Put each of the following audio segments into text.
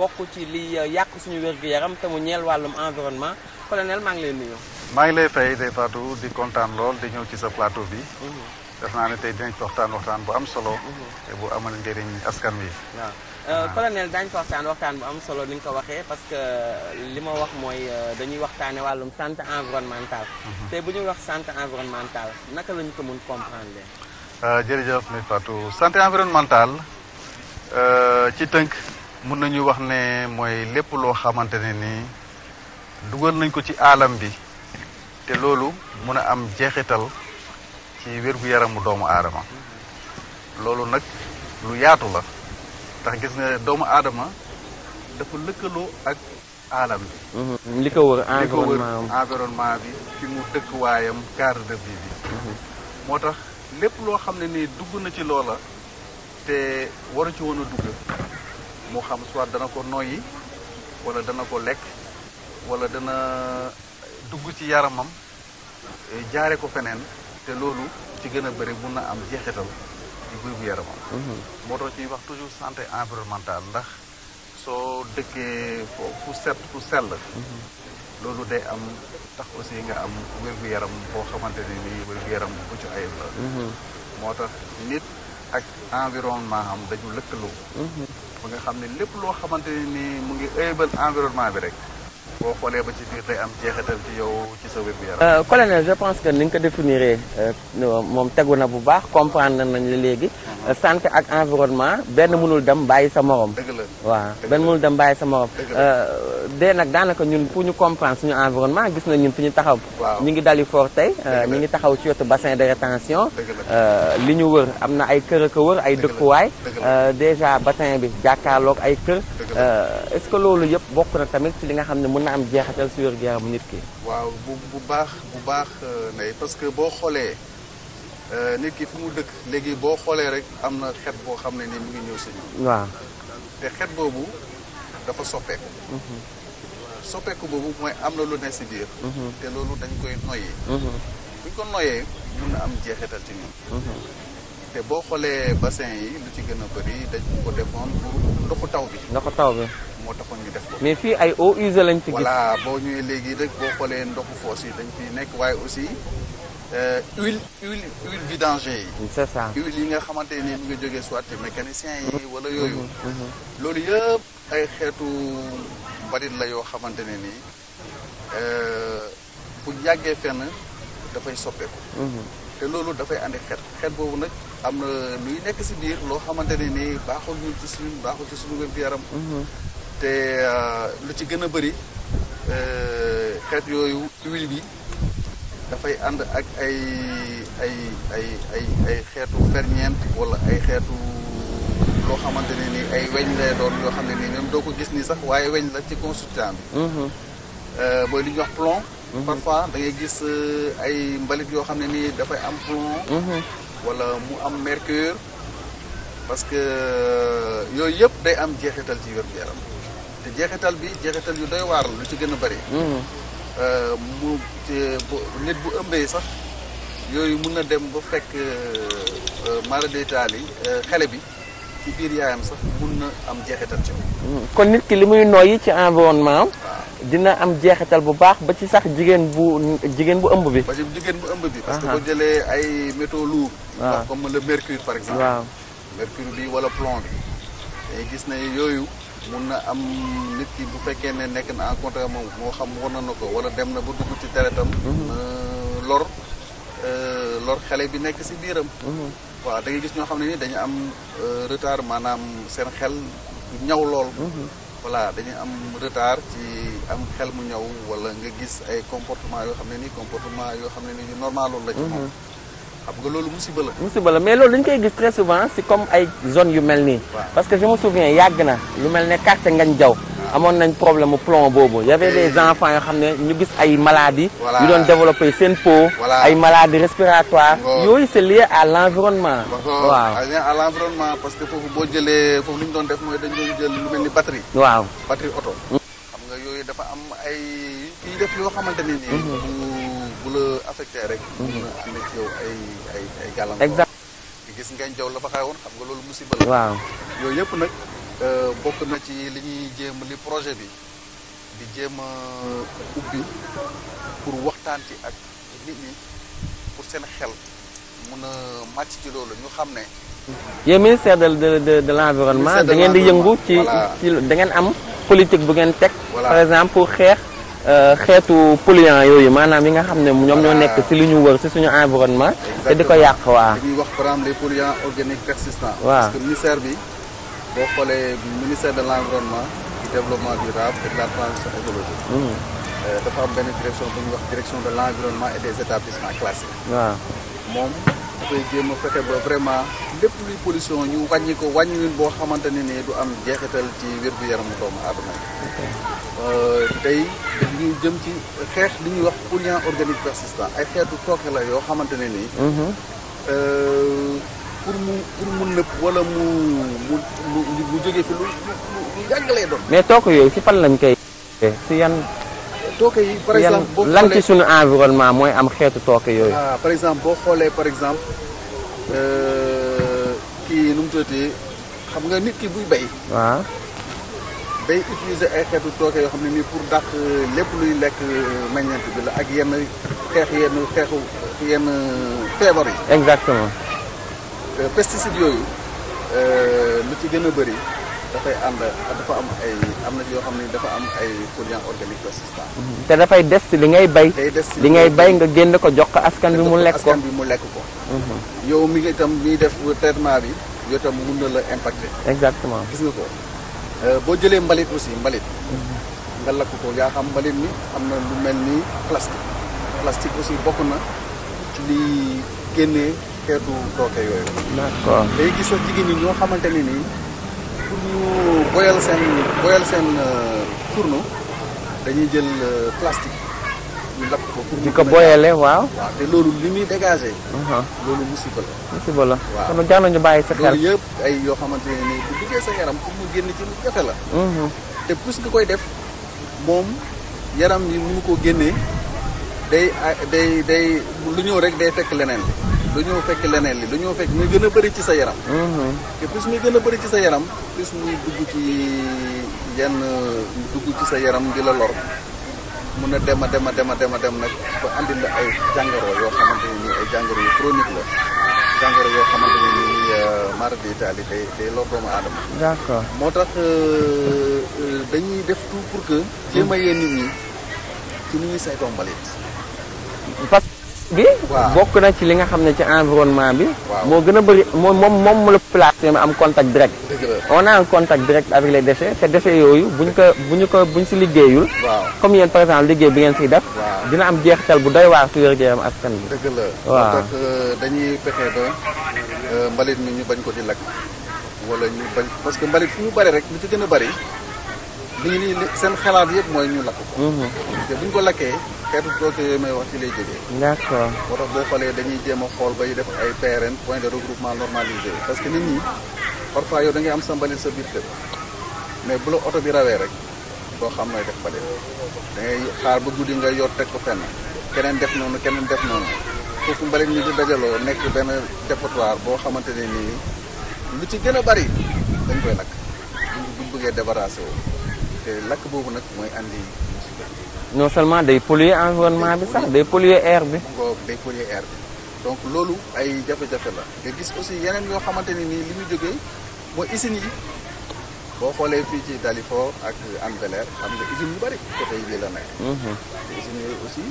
bokk ci li euh, yàq suñu wér-gu-yaram te mu ñeel wàllum environnement colonel maa ngi lay nuyu. maa ngi lay fay de Fatou di kontaan lool di ñëw ci sa plateau bi. Mhm. def naa ne tey dinañ waxtaan waxtaan bu am solo. Mhm. te bu amal njëriñ askan wi. waaw euh, ah. colonel daañu ko waxtaan waxtaan bu am solo ni ñu ko waxee parce que euh, li ma wax mooy dañuy waxtaane wàllum santé environnementale. Mhm. te bu ñu wax santé environnementale naka lañu ko mun comprendre. jërëjëf mi Fatou santé environnementale ci tënk. mun nañu wax ne mooy lépp loo xamante ne nii dugal nañ ko ci aalam bi te loolu mun a am jeexital ci wér-gu-yaramu doomu aadama loolu nag lu yaatu la ndax gis nga doomu aadama dafa lëkkaloo ak aalam bi mm-hmm. li ko wër environnement bi fi mu dëkkuwaayam cadre de vie bi mm-hmm. moo tax lépp loo xam ne nii dugg na ci loola te waru ci woon a dugg moo xam soit dana ko noyyi wala dana ko lekk wala dana dugg ci yaramam eh, jaare ko feneen te loolu ci gën a bëri mun na am jeexital ci guy bu yaramam mhm. moo tax ñuy wax toujours santé environnementale ndax soo dëkkee fu set fu sell mhm. loolu day am tax aussi nga am wér-gu-yaram boo xamante ne nii wér-gu-yaram bu ci ayib la mhm. moo tax nit ak environnement am dañu lëkkaloo. Mhm. ba nga xam ne lépp loo xamante ni mu ngi ëybal environnement bi rek. boo xoolee ba ci biir day am jeexital ci yow ci sa wér yaram euh, colonel je pense que ni nga ko définiree euh, moom tegu na bu baax comprendre nañ la léegi. Mhm. Euh, santé ak environnement benn mënul dem bàyyi sa morom. waaw benn mënul dem bàyyi sa morom de nag daanaka ñun pour ñu comprendre suñu environnement gis na ñun fi ñu taxaw ñu ngi dali foor tey euh, ñu ngi taxaw ci wetu bassin de rétention euh, li ñu wër am na ay kër ak wër ay dëkkuwaay euh, déjà bassin bi jàkkaarloog ay kër est-ce que loolu yëpp bokk na tamit ci li nga xam ne mën na am jeexital si wér gu yaramu nit ki waaw bu bu baax bu baax nay parce que boo xoolee nit ki fi mu dëkk léegi boo xoolee rek am na xet boo xam ne ni si ñun te xet boobu dafa soppeeku mhm. soppeeku boobu mooy am na lu ne si biir mhm. te loolu dañ koy noyyi mhm. buñ ko noyee mun na am jeexeetal ci ñun te boo xoolee bassin yi lu ci gën a bëri dañ ko defoon pour ndoxu taw bi ndoxu taw bi moo taxoon ñu def ko mais fii ay eaux usées lañ ci gis voilà boo ñëwee léegi rek boo xoolee ndoxu foos yi dañ fiy nekk waaye aussi Euh, huile huile huile vidanger yi. Mm, c'est ça huile yi nga xamante nii mu nga jógee soit ci yi mm-hmm. wala yooyu. Mm-hmm. Mm-hmm. loolu yëpp ay xeetu mbalit la yoo xamante ne nii euh, bu yàggee fenn dafay soppeeku. te loolu dafay ànd xeet xeet boobu nag am na luy nekk si biir loo xamante ne nii baaxul ñu ci suñu baaxul ci suñu wér-gu-yaram. te euh, lu ci gën a bëri xeet yooyu uil bi. dafay ànd ak ay ay ay ay ay xeetu ferñeent wala ay xeetu loo xamante ne nii ay weñ lay doon yoo xam ne nii même doo ko gis nii sax waaye weñ la ci consultant bi mm-hmm. euh, mooy li ñuy wax plomb mm-hmm. parfois da ngay gis euh, ay mbalit yoo xam ne nii dafay am plomb mm-hmm. wala mu am mercure parce que euh, yooyu yëpp day am jeexital ci wér-gu-yaram te jeexital bi jeexital yu doy waar lu ci gën a bëri Euh, mu nit bu ëmbee sax yooyu mun na dem ba fekk euh, euh, mara détail yi xale bi ci biir yaayam sax mun na am jeexital ci hmm. kon nit ki li muy noyyi ci environnement dina am jeexital bu baax ba ci sax jigéen bu jigéen bu ëmb bi. parce que jigéen bu ëmb bi. parce jëlee ay métaux lourds. waaw comme le mercure par exemple. waaw mercure bi wala plomb bi. dañuy gis ne yooyu. mun na am nit ki bu fekkee ne nekk na en contact moom moo xam war na na ko wala dem na ba dugg ci deretam mhm. euh, lor euh, lor xale bi nekk si biiram mhm. waaw da ngay gis ñoo xam ne ni dañu am euh, retard maanaam seen xel ñaw lool mhm. voilà dañuy am retard ci am xel mu ñaw wala nga gis ay comportement yoo xam ne ni comportement yoo xam ne ni ñu normalul la ci xam nga loolu musiba la. musiba la mais loolu dañ koy gis très souvent si comme ay zone yu mel nii. parce que je me na lu mel ne quartier Ngagne Diaw. amon nañ problème mu plomb boobu y avait des eh. enfants yoo xam ne ñu gis ay maladies. yu doon développé seen peau. ay maladies respiratoires. yooyu c'est lié à l'environnement. waaw ah, à l'environnement parce que foofu boo jëlee foofu li ñu doon def mooy jël lu mel ni batterie. waaw batterie oto. Mm. xam nga yooyu dafa am ay yu def yoo xamante ni. Mm-hmm. bu la affecté rek. mën na am ay ay ay gàllankoor. exact gis ngañ jaww la fa xewoon xam nga loolu musiba la. waaw yooyu yëpp nag euh, bokk na ci li ñuy jéem li projet bi di jéem a pour waxtaan ci ak nit ñi pour seen xel mun a màcc ci loolu ñu xam ne. yéen ministère de de de l' environnement da ngeen di yëngu ci ci da ngeen am politique bu ngeen teg. par exemple pour xeex. Euh, xeetu polluant yooyu maanaam yi nga xam ne ñoom ñoo nekk ci lu ñu wër ci suñu environnement. te di ko yàq waa li ñuy wax par exemple les polluants organiques persistants. waaw bi boo xoolee ministère de l' environnement du développement durable et hmm. euh, dafa am benn direction bu wax direction de l' environnement et des établissements classés. waaw moom. dafay jéem a fexe ba vraiment lépp luy pollution ñu wàññi ko boo xamante ne nii du am jeexital ci wér-gu-yaramu doomu aadama euh, tey ñu jëm ci xeex li ñuy wax polluants organiques persistants ay xeetu tooke la yoo xamante ne nii mhm. euh, pour mu pour mu nëpp wala mu mu mu jóge fi lu lu yàgg doon mais tooke yooyu si fan lañ koy si yan tooke yi par exemple boo xoolee lan ci suñu environnement mooy am xeetu tooke yooyu. ah par exemple boo xoolee par exemple euh, kii nu mu tuddati xam nga nit ki buy bay. waaw. Ah. day utiliser ay xeetu tooke yoo xam ne nii pour dàq lépp luy lekk meññeent bi la ak yenn xeex yenn xeexu yenn feebar yi. exactement. Euh, pesticides yooyu euh, lu ci gën a bëri. dafay ànd dafa am ay am na yoo xam ne dafa am ay polluants organiques persistants. Mm-hmm. te dafay des li ngay bay. li ngay bay nga génn ko jox ko askan bi mu lekk ko askan mu lekk ko. Mm-hmm. yow mi ngi itam miy def traitement bi yow itam mun na la impacter. exactement gis nga ko euh, boo jëlee mbalit aussi mbalit. Mm-hmm. nga lakk ko yaa xam mbalit mi am na lu mel ni plastique. plastique aussi bokk na ci li génnee xeetu dooke yooyu. d'accord day gis jigéen ñoo xamante nii. pour ñu boyal seen boyal seen euh, fourneau dañuy jël euh, plastique ñu lakk ko. pour di ko boyale waaw. waaw te loolu li muy dégagé. Uh-huh. loolu musiba la. musiba la waaw kon jaar ñu bàyyi sa xel. loolu yëpp ay yoo xamante ne nii bu duggee sa yaram pour mu génn ci lu jafe la. Uh-huh. te plus nga koy def moom yaram yi mënu ko génnee day day day lu ñëw rek day fekk leneen. dañoo fekk leneen li dañoo fekk muy gën a bëri ci sa yaram. Mhm. te plus muy gën a bëri ci sa yaram plus muy dugg ci yenn dugg ci sa yaram di la lor mun a dem a dem a dem a dem a dem nag ba andil la ay jàngoro yoo xamante ne nii ay jàngoro yu chronique la jàngoro yoo xamante ne nii euh, mara d' italie day day lor doomu aadama. d'accord moo tax euh, euh, dañuy def tout pour que. jéem a yee nit ñi ci ni ñuy saytoo mbalit. parce bi bokk na ci li nga xam ne ci environnement bi moo gën a bëri moom moom moom mu la placé ma am contact direct on a un contact direct avec les déchets te déchets yooyu ñu ko bu ñu ko buñ si liggéeyul comme yéen par exemple liggéey bi ngeen siy def dina am jeex jeexital bu day waar su wér-gu-yaram askan bi dëgg la waaw euh, dañuy fexe ba euh, mbalit mi ñu bañ ko di lakk wala ñu parce que mbalit fu mu bëri rek lu ci gën a bëri lii nii seen xalaat yëpp mooy ñu lakk ko. Mhm. te buñ ko lakkee xeetu projet yooyu may wax ci lay jógee. d'accord moo tax boo xoolee dañuy jéem a xool bay def ay PRN point de regroupement normalisé parce que nit ñi parfois yow da ngay am sa mbalit sa biir kër mais bu la oto bi rawee rek doo xam mooy def mbalit da ngay xaar ba guddi nga yor teg ko fenn keneen def noonu keneen def noonu foofu mbalit ñi di dajaloo nekk benn dépotoir boo xamante ne nii lu ci gën a bari dañ koy lakk buñ buñ bëggee wu. lakk boobu nag mooy indi musiba bi. non seulement day polluer environnement bi sax day polluer air bi. day polluer donc loolu ay jafe-jafe la. nga gis aussi yeneen yoo xamante ni nii li muy jógee mooy usines yi boo xoolee fii ci Dalifort ak Hann Bel-Air am nga usines yu bëri côté yi la nekk. Mhm. usines yooyu aussi.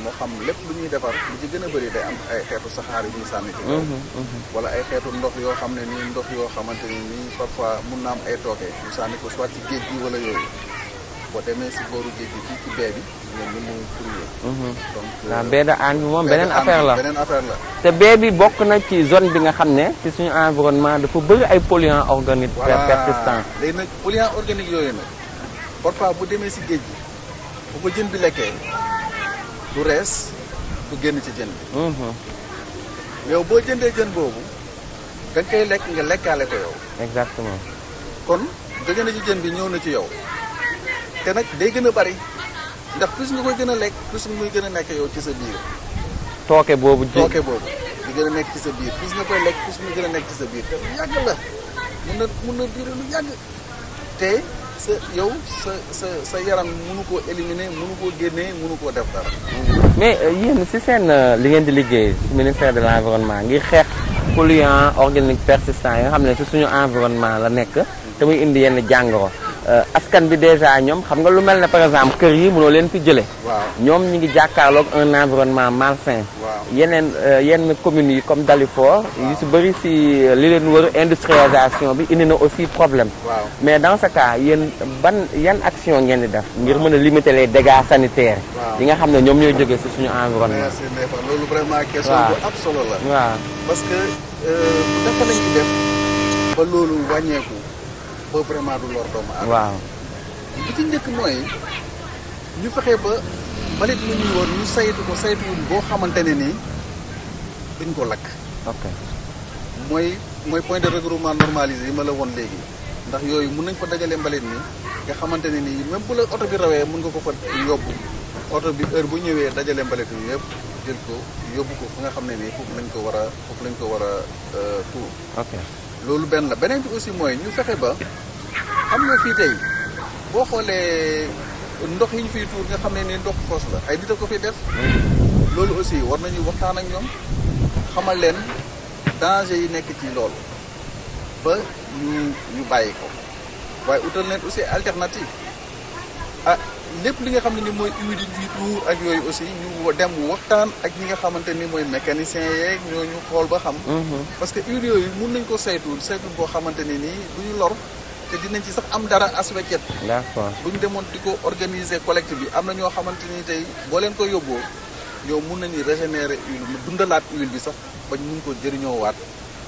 moo xam lépp lu ñuy defar lu ci gën a bëri day am ay xeetu saxaar yu ñuy sànni ko mhm, mhm. wala ay xeetu ndox yoo xam ne nii ndox yoo xamante ni nii parfois mun na am ay tooke ñu sànni ko soit ci géej gi wala yooyu boo demee si booru géej gi fii ci bi ñoom ñu muy trouvé mhm. donc euh, waaw moom beneen affaire la beneen affaire la te bee bi bokk na ci zone bi nga xam ne ci suñu environnement dafa bëri ay polluants organiques persistants léegi nag polluants organiques yooyu nag parfois bu demee si géej gi ko jën bi lekkee du rees bu génn ci jën bi mhm. yow boo jëndee jën boobu da nga koy lekk nga lekkaale ko yow exactement kon jóge na ci jën bi ñëw na ci yow te nag day gën a bari ndax plus nga koy gën a lekk plus muy gën a nekk yow ci sa biir tooke boobu tooke boobu di gën a nekk ci sa biir plus nga koy lekk plus gën a nekk ci sa biir te lu yàgg la mun na mun na durer lu yàgg te sa yow sa sa sa yaram mënu koo éliminer mënu koo génnee munu koo def dara. mais euh, yéen si seen euh, li ngeen di liggéey ministère de l' environnement ngir xeex polluants organiques persistants yi nga xam ne si suñu environnement la nekk te muy indi yenn jàngoro. Euh, askan bi déjà ñoom xam nga lu mel na par exemple kër yi munoo leen fi jële ñoom ñu ngi jàkkaarloog un environnement malsain yeneen euh, yenn communes yi comme Dalifort yu si bëri si euh, li leen wër industrialisation bi indi na aussi problème mais dans ce cas yéen ban yan action ngeen di def ngir mën a limiter les dégâts sanitaires yi nga xam ne ñoom ñooy jógee si suñu environnement loolu vraiment question bu am solo la waaw parce que dafa lañuy def ba loolu wàññeeku ba vraiment du lor doomu aadama. waaw li ci njëkk mooy ñu fexe ba mbalit mu ñuy woon ñu saytu ko saytuwuñ boo xamante ne nii duñ ko lakk. ok mooy mooy point de regroupement normalisé yi ma la woon léegi ndax yooyu mun nañ ko dajale mbalit mi nga xamante ne nii même bu la oto bi rawee mun nga ko fa yóbbu oto bi heure bu ñëwee dajale mbalit mi yëpp jël ko yóbbu ko fu nga xam ne nii foofu nañ ko war a foofu lañ ko war a euh, tuur. ok. loolu benn la beneen bi aussi mooy ñu fexe ba xam nga fii tey boo xoolee ndox yi ñu fiy tuur nga xam ne ni ndox foos la ay nit a ko fi def. loolu aussi war nañu waxtaan ak ñoom xamal leen danger yi nekk ci loolu ba ñu ñu bàyyi ko waaye utal leen aussi alternative. ah lépp li nga xam ne ni mooy huile yi tuur ak yooyu aussi ñu dem waxtaan ak ñi nga xamante ni mooy mécanicien yeeg ñu xool ba xam. Mhm. parce que huile yooyu mun nañ ko saytu saytu boo xamante ni nii duñu lor. te dinañ ci sax am dara as wéccet. d'accord bu ñu demoon di ko organiser collecte bi am na ñoo xamante ni tey boo leen ko yóbboo ñoom mun nañu régénérer huile mu dundalaat huile bi sax bañ ñu mun ko jëriñoo waat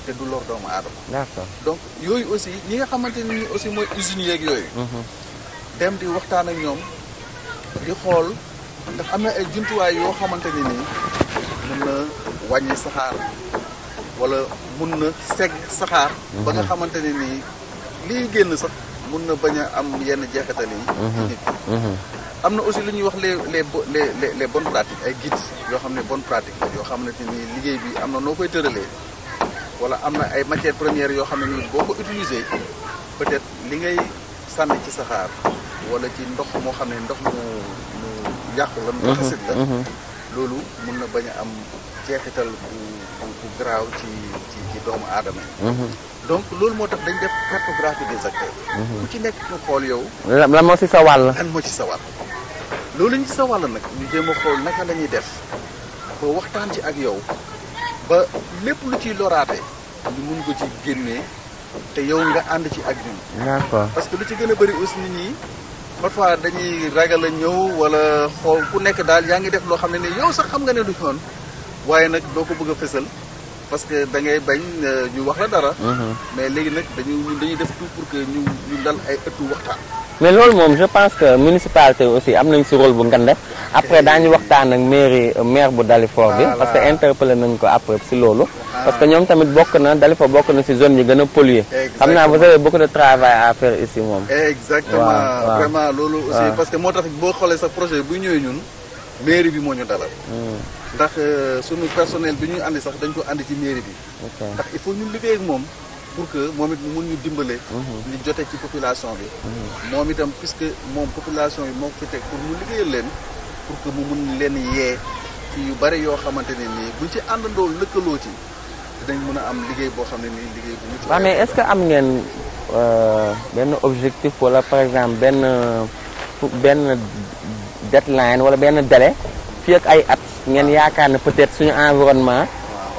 te du lor doomu aadama. d'accord donc yooyu aussi ñi nga xamante ni aussi mooy usines yeeg yooyu. Mhm. dem di waxtaan ak ñoom di xool ndax am na ay jumtuwaay yoo xamante ni nii mën na wàññi saxaar wala mun na segg saxaar. ba nga mhm. xamante ni nii liy génn sax mun na bañ a am yenn jeexital yi. Mhm. Mhm. am na aussi lu ñuy wax les les les les bonnes pratiques ay guides yoo xam ne bonnes pratiques yoo xam ne nii liggéey bi am na noo koy tëralee wala am na ay matière premières yoo xam ne nii boo ko utiliser peut-être li ngay sànni ci saxaar. wala ci ndox moo xam ne ndox mu mu yàqu la mu xasit mhm, la mhm. loolu mun na bañ a am jeexital bu bu garaaw ci doomu aadama yi mhm. donc loolu moo tax dañ def cartographie des acteurs ku ci nekk ñu xool yow lan moo ci sa wàll ci sa wàll loolu ñu ci sa wàll nag ñu jéem a xool naka lañuy ñuy def ba waxtaan ci ak yow ba lépp lu ciy loraate ñu mun ko ci génnee te yow nga ànd ci ak ñun. d'accord parce que lu ci gën a bëri aussi nit ñi parfois dañuy ragal a ñëw wala xool ku nekk daal yaa ngi def loo xam ne ni yow sax xam nga ne du noonu waaye nag doo ko bëgg a fësal parce que da ngay bañ euh, ñu wax la dara. Mm-hmm. mais léegi nag dañuy dañuy def tout pour que ñu ñu dal ay ëttu waxtaan. mais loolu moom je pense que municipalité aussi am nañ si rôle bu ngande après daañu waxtaan ak mairie maire bu Dalifort bi parce que interpellé nañ ko après si loolu parce que ñoom tamit bokk na Dalifort bokk na si zone yi gën a pollué xam naa vous avez beaucoup de travail à faire moom exactement loolu aussi parce que moo tax boo xoolee sa projet bu ñëwee ñun mairie bi moo ñu dalal hmm. ndax euh, suñu personnel bi ñuy andi sax dañ ko andi ci mairie bi ndax il faut ñu moom pour que moom it mu mun ñu dimbale. Mhm. ñu jote ci population bi. Mhm. moom itam puisque moom population yi moom ko fi teg pour mu liggéeyal leen pour que mu mun leen yee ci yu bari yoo xamante ne nii buñ ci àndandoo lëkkaloo ci dinañ mun a am liggéey boo xam ne nii liggéey bu mucc. waaw mais est-ce que am ngeen euh, benn objectif wala par exemple benn benn deadline wala benn délai fii ay at ngeen ah. yaakaar ne peut-être suñu environnement.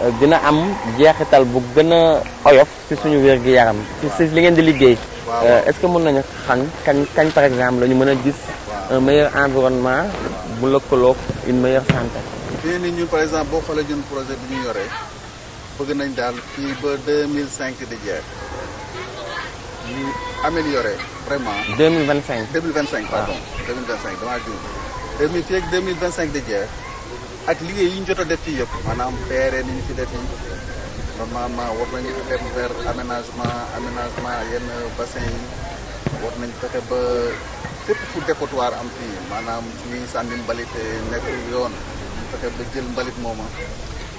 Euh, dina am jeexital bu gën a oyof ci suñu wér gi yaram ci si li ngeen di liggéey euh, est-ce que mën nañu xam kañ kañ par exemple la ñu mën a gis un meilleur environnement bu lëkkaloog une meilleure santé fii ni ñu par exemple boo xoolee ñun projet bi ñu yoree bëgg nañ daal fii ba 2005 di jeex ñu amélioré vraiment 2025 2025 pardon 2025 ah. damaa juum fii ak 2025 di jeex ak liggéey yi ñu jot a def fii yëpp maanaam peere ni ñu fi def yi normalement war nañu dem vers aménagement aménagement yenn bassin yi war nañ fexe ba fépp fu dépotoir am fii maanaam suñuy sànni mbalit nekk yoon ñu fexe ba jël mbalit mooma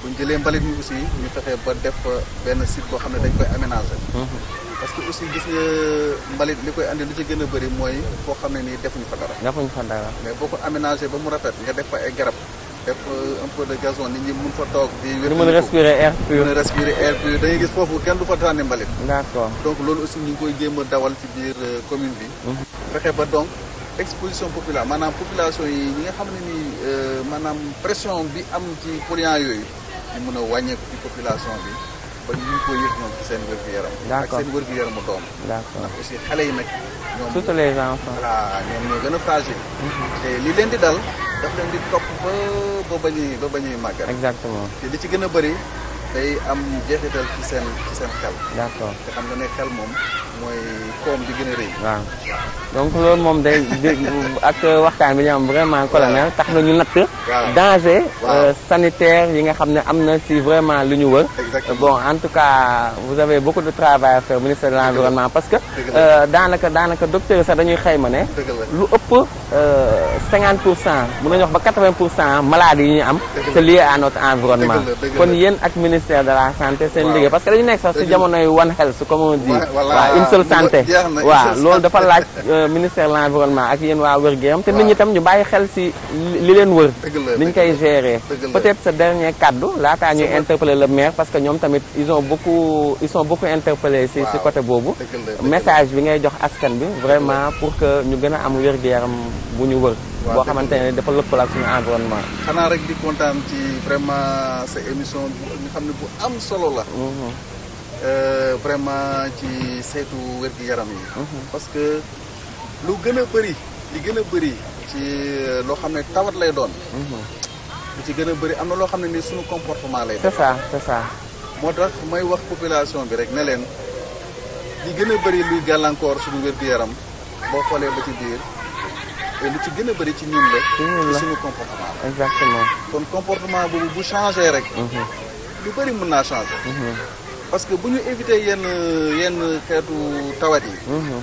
bu ñu jëlee mbalit mi aussi ñu fexe ba def benn site boo xam ne dañ koy aménager mhm. parce que aussi gis nga mbalit li koy andi lu ci gën a bëri mooy foo xam ne nii defuñu fa dara. defuñu fa dara mais boo ko aménager ba mu rafet nga def fa ay garab def euh, un peu de gazon nit mun fa toog. di wér a respirer air pur mën a respirer air pur dañuy gis foofu kenn du fa tànni mbalit. donc loolu aussi ñu ngi koy jéem dawal ci biir euh, commune bi. Mhm. fexe ba donc exposition populaire maanaam population yi ñi nga xam ne nii euh, maanaam pression bi am ci polluants yooyu. ñu mën a wàññeeku ci population bi ba ñu ngi koy yëg ñoom seen wér gu yaram. d'accord ak seen wér gu yaramu doom. d'accord ndax aussi xale yi nag. surtout les enfants ñoom voilà ñoom ñoo gën a fragile. Mhm. li leen di dal. daf leen di topp ba ba ba ñuy ba ba ñuy màggal. exactement te li ci gën a bëri day am jeexital ci seen ci seen xel. d'accord te xam nga ne xel moom. mooy koom bi gën donc loolu moom de ak waxtaan bi ñu am vraiment colonel tax na ñu natt. danger euh, sanitaire yi nga xam ne am na si vraiment lu ñu wër. bon en tout cas vous avez beaucoup de travail à faire ministère de l'environnement parce que. Euh, daanaka daanaka docteur sax dañuy xayma ne. lu ëpp 50 euh, pour cent mën nañu wax ba 80 pour cent maladies yi ñu am. c'est lié à notre environnement. kon yéen ak ministère de la santé seen liggéey parce que dañu nekk sax si jamonoy one health comme on dit. boussole santé waa loolu dafa laaj euh, ministère de l'environnement ak yéen waa wër gu te nit ñi tam ñu bàyyi xel si li leen wër niñ koy gérer peut-être ce dernier kaddu laataa ñuy interpeller le maire parce que ñoom tamit ils ont beaucoup ils sont beaucoup interpellés si côté boobu message bi ngay jox askan bi vraiment pour que ñu gën a am wér bu ñu wër boo xamante ne dafa lëkkaloo ak suñu environnement xanaa rek di kontaan ci vraiment sa émission bu nga xam ne bu am solo la mhm. Euh, vraiment ci saytu wér yaram yi. Mhm. parce que lu gën a bëri li gën a bëri ci euh, loo xam ne tawat lay doon. Mhm. lu ci gën a bëri am na loo xam ne ni suñu comportement lay. c'est ça c'est moo tax may wax population bi rek ne leen li gën a bëri luy gàllankoor suñu wér yaram boo xoolee ba ci biir. lu ci gën a bëri ci ñun la. ci ñun la suñu comportement exactement kon comportement boobu bu changé rek. Mhm. lu bëri mën naa changé. parce que bu ñu éviter yenn yenn xeetu tawat yi. Mhm.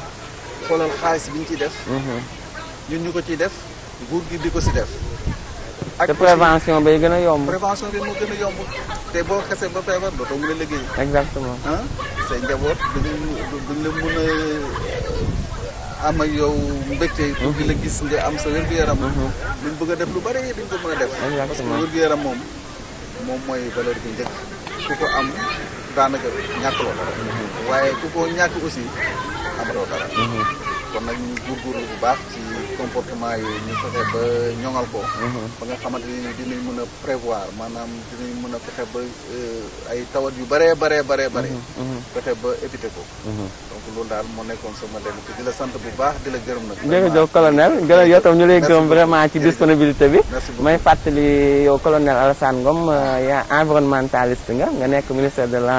xoolal xaalis bi ñu ciy def. Mhm. ñun ñu ko ciy def nguur gi di ko si def. ak te prévention bay gën a yomb. prévention bi moo gën a yomb te boo xasee ba feebar dootoo mën a liggéey. exactement ah say njaboot duñu duñ la mën a am ak yow mbégte. ku di la mhm. gis nga am sa wér-gu-yaram. bëgg def lu bari duñ mën a def. exactement parce que wér-gu-yaram moom moom mooy valeur bu njëkk ku ko am. daanaka ñàkkuloo dara mhm. waaye ku ko ñàkk aussi amatoo dara mhm. kon nag ñu góorgóorlu bu baax ci comportement yooyu ñu fexe ba ñoŋal ko. Uh-huh. ba nga xamante ni dinañ mën a prévoir maanaam dinañ mën a fexe ba euh, ay tawat yu bëree bëree bëree bëri. Uh-huh, uh-huh. fexe ba éviter ko. donc loolu daal moo nekkoon sama lenn di la sant bu baax di gërëm nag. jërëjëf colonel gërëm yow tam ñu lay gërëm vraiment ci disponibilité bi. may fàttali yow colonel Alassane Ngom euh, yaa environnementaliste nga nga nekk ministère de l'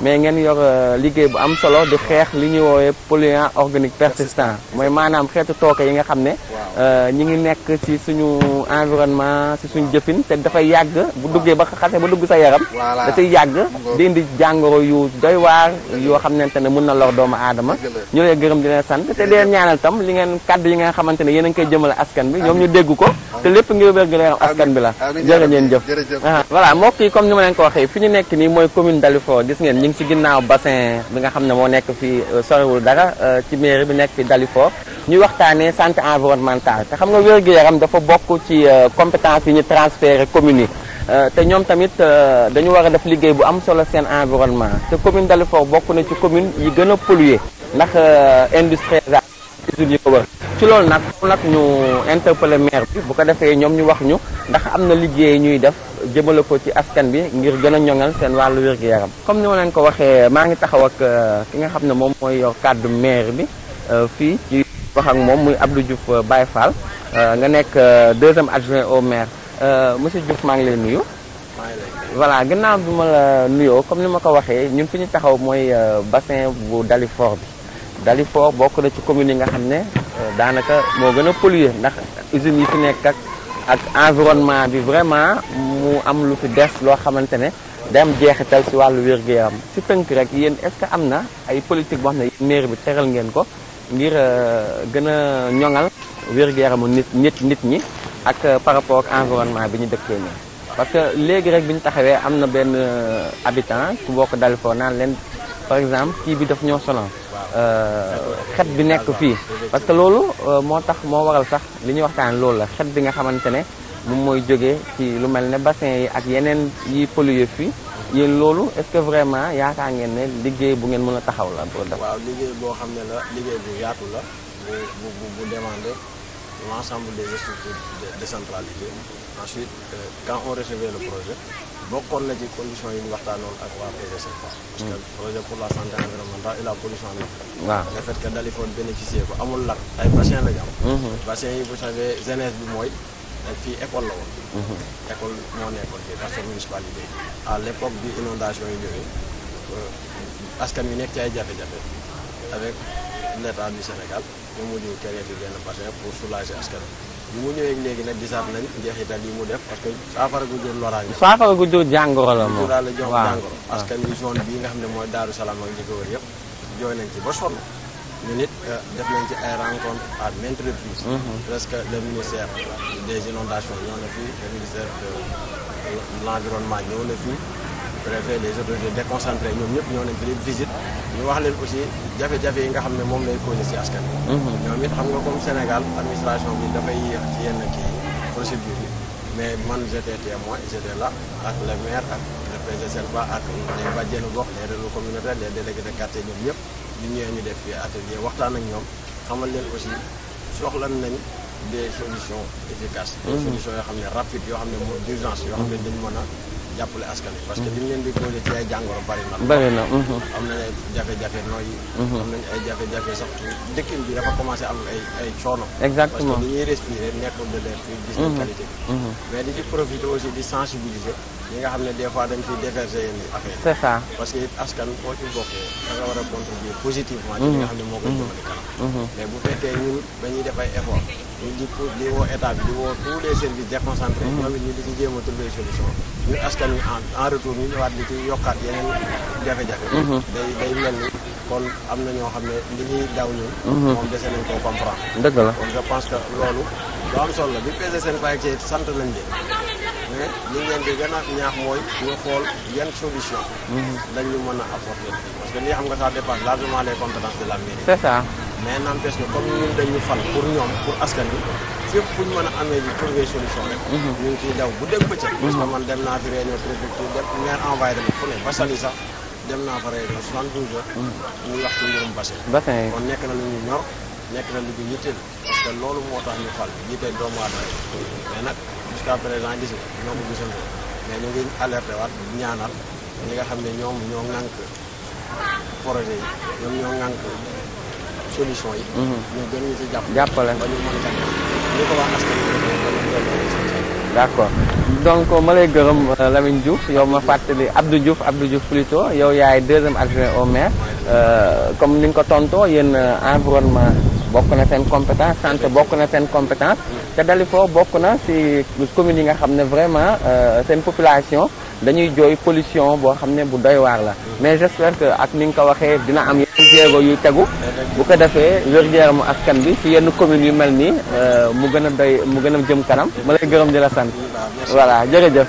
mais ngeen yor euh, liggéey bu am solo di xeex li ñuy woowee polluant organique persistant mooy maanaam xeetu tooke yi nga xam ne euh, ñi ngi nekk ci suñu environnement ci suñu jëfin te dafay yàgg bu duggee ba xase ba dugg sa yaram dafay yàgg di indi jàngoro yu doy waar yoo xamante ne mun na lor doomu aadama ñu lay gërëm di sant te di ñaanal tam li ngeen kàddu yi nga xamante ne koy jëmale askan bi ñoom ñu dégg ko te lépp ngir wér gu la jërë ngeen ah, ñu ngi ci ginnaaw bassin bi nga xam ne moo nekk fi euh, sorewul dara euh, ci mairie bi nekk fi Dalifort ñuy waxtaanee santé environnementale te xam nga wér-gu-yaram dafa bokk ci euh, compétence yi ñu transféré commune yi te ñoom tamit dañu war a def liggéey bu am solo seen environnement te commune Dalifort bokk na ci commune yi gën a pollué ndax industrialisation usines yi ko wër ci loolu nag nag ñu interpellé maire bi bu ko defee ñoom ñu wax ñu ndax am na liggéey ñuy jëmale ko ci askan bi ngir gën a ñoŋal seen wàllu wér-gu-yaram comme ni ma leen ko waxee maa ngi taxaw ak euh, ki nga xam ne moom mooy yor kàddu maire bi euh, fii ci wax ak moom muy Abdou Diouf euh, Baye Fall nga nekk deuxième adjoint au maire monsieur Diouf maa ngi lay nuyu voilà gannaaw bi ma la nuyoo comme ni ma ko waxee ñun fi ñu taxaw mooy bassin bu Dalifort bi Dalifort bokk na ci commune yi nga xam ne daanaka moo gën a polluer ndax usines yi fi nekk ak ak environnement bi vraiment mu am lu fi des loo xamante ne dem am jeexital si wàllu wér-gu-yaram si tënk rek yéen est-ce que am na ay politique boo xam ne maire bi teral ngeen ko ngir euh, gën a ñoŋal wér-gu-yaramu nit nit nit ñi ak euh, par rapport ak environnement bi ñu dëkkee nii. parce que léegi rek bi ñu taxawee am na benn euh, habitant ku bokk dal foo naan leen par exemple kii bi daf ñoo solon xet bi nekk fii parce que loolu euh, moo tax moo waral sax li ñuy waxtaan loolu la xet bi nga xamante ne moom mooy jógee ci lu mel ne bassin yi ak yeneen yi pollué fii yéen loolu est-ce que vraiment yaakaar ngeen ne liggéey bu ngeen mën a taxaw la pour def boo xam ne la liggéey bu yaatu la bu bu bu demandé l'ensemble des ensuite euh, quand on recevait le projet bokkoon na ci condition yi ñu waxtaanoon ak waa PVC quoi. parce que projet pour la santé environnementale et la pollution de l'eau. waaw le fait que Dalifort bénéficier ko amul lakk ay bassin la ñu am. Mm-hmm. yi vous savez jeunesse bi mooy fii école la woon. Mm-hmm. école moo nekkoon fii parce que municipalité à l' bi inondation yi ñëwee euh, askan wi nekk ci ay jafe-jafe avec l' état du Sénégal ñu mujj créer fi benn bassin pour soulager askan wi. bu mu ñëwee léegi nag gisaat nañ njeexital yi mu def parce que saafara gu jur loraange. saafara gu jur jàngoro parce que ni zone xam ne mooy Daaru Salaam ak li ko wër yëpp jooy ci ba sonn ñu nit euh, def nañ ci ay rencontre à maintes mhm. le ministère des inondations ñëw na fii le ministère de l'environnement ñëw na fii préfet les autorités déconcentrées ñoom ñëpp ñëw nañ fi visite ñu wax leen aussi jafe-jafe yi nga xam ne moom lay posé si askan bi mhm. ñoom it xam nga comme Sénégal administration bi dafay yéex ci yenn kii procédure mais man j'étais témoin j'étais là ak le maire ak le PGCL ba ak les bàjjenu gox les relais communautaires les délégués de quartier ñoom ñëpp ñu ñëwee ñu def fii atelier waxtaan ak ñoom xamal leen aussi soxlan nañ des solutions efficaces des mhm. solutions yoo xam ne rapide yoo xam ne moo d'urgence yoo xam ne dañ mën a jàppale askan wi. parce que li mhm. ñu leen di posé ci ay jàngoro bari na. bari na. Mhm. am nañ jafe-jafe nooyi. Mhm. am nañ jafe-jafe sax dëkkin bi dafa commencé am ay ay exactement parce ñuy respirer nekkul de l'air fii gis li nga xam ne des fois dañ ciy déverser yenn affaire yi. parce que askan boo ci bokkee da nga war a contribuer positivement. ci li nga mhm. xam ne moo koy jëmale kanam. Mhm. Mhm. mais bu fekkee ñun dañuy def ay effort ñu di di woo état bi di woo tous les services déconcentrés. ñoom it ñu di ci jéem a trouver solution. ñun askan wi en en retour ñu ñëwaat di ci yokkaat yeneen jafe-jafe. day day mel ni kon am na ñoo xam ne li ñuy daw ñun. moom dese nañ koo comprendre. dëgg la kon je pense que loolu lu am sant nañ leen. mais li ngeen di gën a ñaax mooy nga xool yan solution dañ ñu mën a apporter parce que lii xam nga ça dépasse largement les compétences de la mairie c'est ça mais n'empêche que comme ñun dañu fal pour ñoom pour askan bi fépp fu ñu mën a amee di trouver solution rek mhm. ñu ngi ciy daw bu dégg bëccëg parce que man dem naa fi réunion préfecture def maire envoyé dama fu ne ba sali sax dem naa fa réunion 72 heures mhm. ñu wax kon nekk na lu ñu ñor nekk na lu ñu yitteel parce que loolu moo tax ñu fal jusqu'à présent gis nga ñoom gisul alerté waat ñaanal ñi nga xam ne ñoo ŋànk projet yi yi. Mhm. ñu gën ñu ko wax askan wi d'accord donc ma lay gërëm euh, Lamine Diouf yow ma fàttali Abdou Diouf Abdou Diouf plutôt yow yaay deuxième adjoint au maire euh, comme ni nga ko tontoo yéen euh, environnement bokk na seen compétence santé bokk na seen compétence. te Dalifort bokk na si communes yi nga xam ne vraiment euh, seen population dañuy jooy pollution boo xam ne bu doy waar la mais j'espère que ak ni nga ko waxee dina am yenn jéego yuy tegu bu ko defee wér-gu-yaramu askan bi ci yenn communes yu mel nii euh, mu gën a doy mu gën a jëm kanam ma lay gërëm di la sant voilà jërëjëf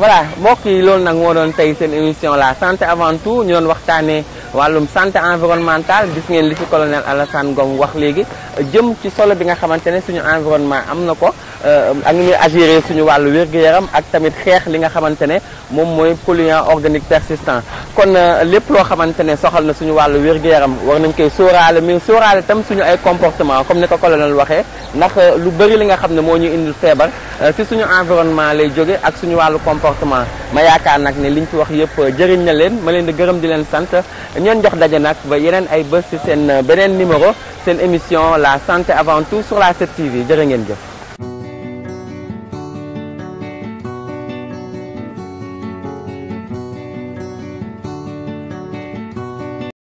voilà mbokk yi loolu nag moo doon tey seen émission la santé avant tout ñu doon waxtaanee wàllum santé environnementale gis ngeen li fi colonel Alassane Ngom wax léegi jëm ci solo bi nga xamante ne suñu environnement am na ko euh, ak ñuy agir suñu wàllu wér yaram ak tamit xeex li nga xamante ne moom mooy polluant organique persistant kon euh, lépp loo xamante ne soxal na suñu wàllu wér-gu-yaram war nañ koy sóoraale mais sóoraale tam suñu ay comportement comme ni ko colonel waxee ndax euh, lu bëri li nga xam ne moo ñuy indil feebar si suñu environnement lay jóge ak suñu wàllu comportement ma yaakaar nag ni li ñu fi wax yëpp jëriñ na leen ma leen di gërëm di leen sant ñoon jox daje nag ba yeneen ay bés sen euh, beneen numéro seen émission la santé avant tout sur la 7TV jërë ngeen jëf